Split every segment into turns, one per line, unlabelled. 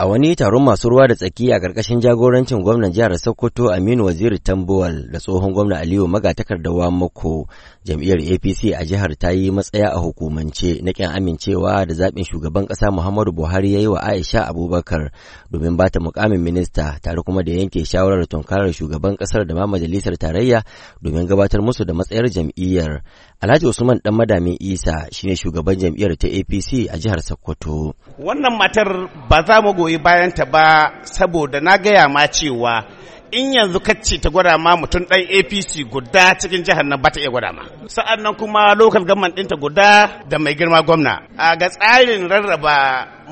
A wani taron masu ruwa da tsaki a ƙarƙashin jagorancin gwamnan jihar Sokoto Aminu Waziri Tambuwal da tsohon gwamna Aliyu Magatakardawa Mako, jam'iyyar APC a jihar ta yi matsaya a hukumance na ƙin amincewa da zaɓin shugaban ƙasa Muhammadu Buhari ya yi wa Aisha Abubakar domin ba ta mukamin minista tare kuma da yanke shawarar tunkarar shugaban ƙasar da ma majalisar tarayya domin gabatar musu da matsayar jam'iyyar. Alhaji Usman Dan Madamin Isa shine shugaban jam'iyyar ta APC a jihar Sokoto.
Wannan matar ba za mu Bayan ta ba saboda na gaya ma cewa in yanzu kacce ta gwada ma mutum ɗan apc guda cikin jihar nan ba ta iya gwada ma sa'an nan kuma lokal government ɗinta guda da mai girma gwamna a ga tsarin rarraba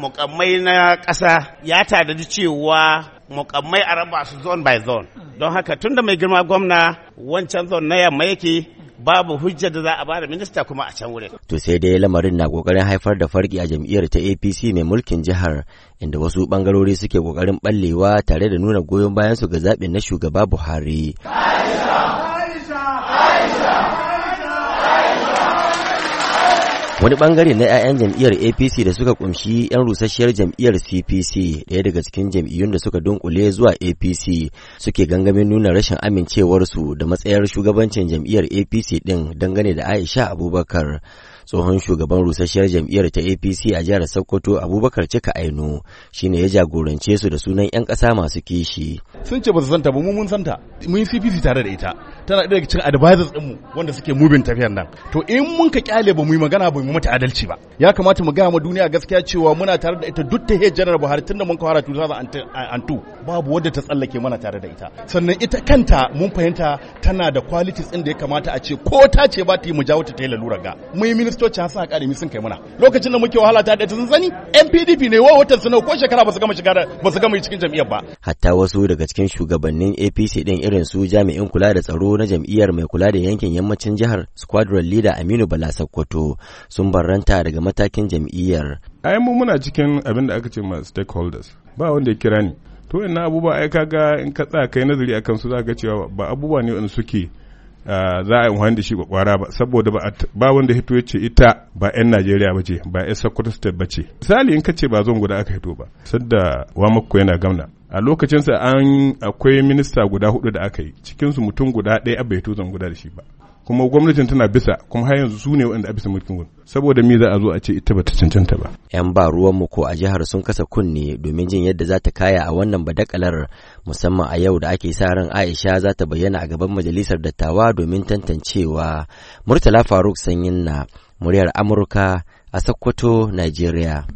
mukammai na ƙasa ya tadadi cewa mukammai a raba su zone by zone don haka tun da mai girma gwamna wancan zone na yamma yake babu hujjar da za a bada minista kuma a can wurin.
To sai dai lamarin na kokarin haifar da farki a jam'iyyar ta APC mai mulkin jihar inda wasu bangarori suke kokarin ballewa tare da nuna goyon bayan su ga zaɓin na shugaba Buhari.
Aisha! Aisha! Aisha!
wani bangare na 'ya'yan jam'iyyar apc da suka kunshi 'yan rusasshiyar jam'iyyar cpc ɗaya daga cikin jam'iyyun da suka dunkule zuwa apc suke gangamin nuna rashin amincewarsu da matsayar shugabancin jam'iyyar apc ɗin dangane da aisha abubakar tsohon shugaban rusasshiyar jam'iyyar ta apc a jihar sokoto abubakar cika aino shine ya jagorance su da sunan 'yan ƙasa masu kishi
sun ce ba su santa ba mu mun santa mun yi cpc tare da ita tana ɗaya cikin advisors ɗinmu wanda suke mubin tafiyar nan to in mun ka kyale ba mu yi magana ba mu mata adalci ba ya kamata mu gaya ma duniya gaskiya cewa muna tare da ita duk ta hiyar janar Buhari tunda mun kawara tu zaza antu babu wadda ta tsallake mana tare da ita sannan ita kanta mun fahimta tana da qualities ɗin da ya kamata a ce ko ta ce ba ta yi mu jawo ta tayi lalura ga mu yi ministoci har sa mu sun kai mana. lokacin da muke wahala ta da ita sun sani NPDP ne wa wata sanau ko shekara ba su gama shiga ba su gama cikin jam'iyyar ba
hatta wasu daga cikin shugabannin APC din irin su jami'in kula da tsaro na jam'iyyar mai kula da yankin yammacin jihar squadron leader aminu bala sakkwato sun barranta daga matakin jam'iyyar
ai mu muna cikin abin da aka ce ma stakeholders ba wanda ya kira ni to na abubuwa ai ga in ka tsaya kai nazari akan su za ka cewa ba abubuwa ne wanda suke ah, za a yi wani da shi kwakwara ba saboda ba wanda hito ya ce ita ba 'yan najeriya ba ce ba 'yan sokoto state ba ce misali in ka ce ba zan guda aka hito ba sadda wa yana gamna a lokacinsa an akwai minista guda hudu da aka yi cikinsu mutum guda ɗaya bai tozan guda da shi ba kuma gwamnatin tana bisa kuma har yanzu su ne waɗanda a bisa mulkin gudu
saboda me za a zo a ce ita bata cancanta ba yan ba ruwan mu ko a jihar sun kasa kunne domin jin yadda za ta kaya a wannan badakalar musamman a yau da ake sa ran Aisha za ta bayyana a gaban majalisar dattawa domin tantancewa Murtala Faruk Sanyin na muryar Amurka a Sokoto Nigeria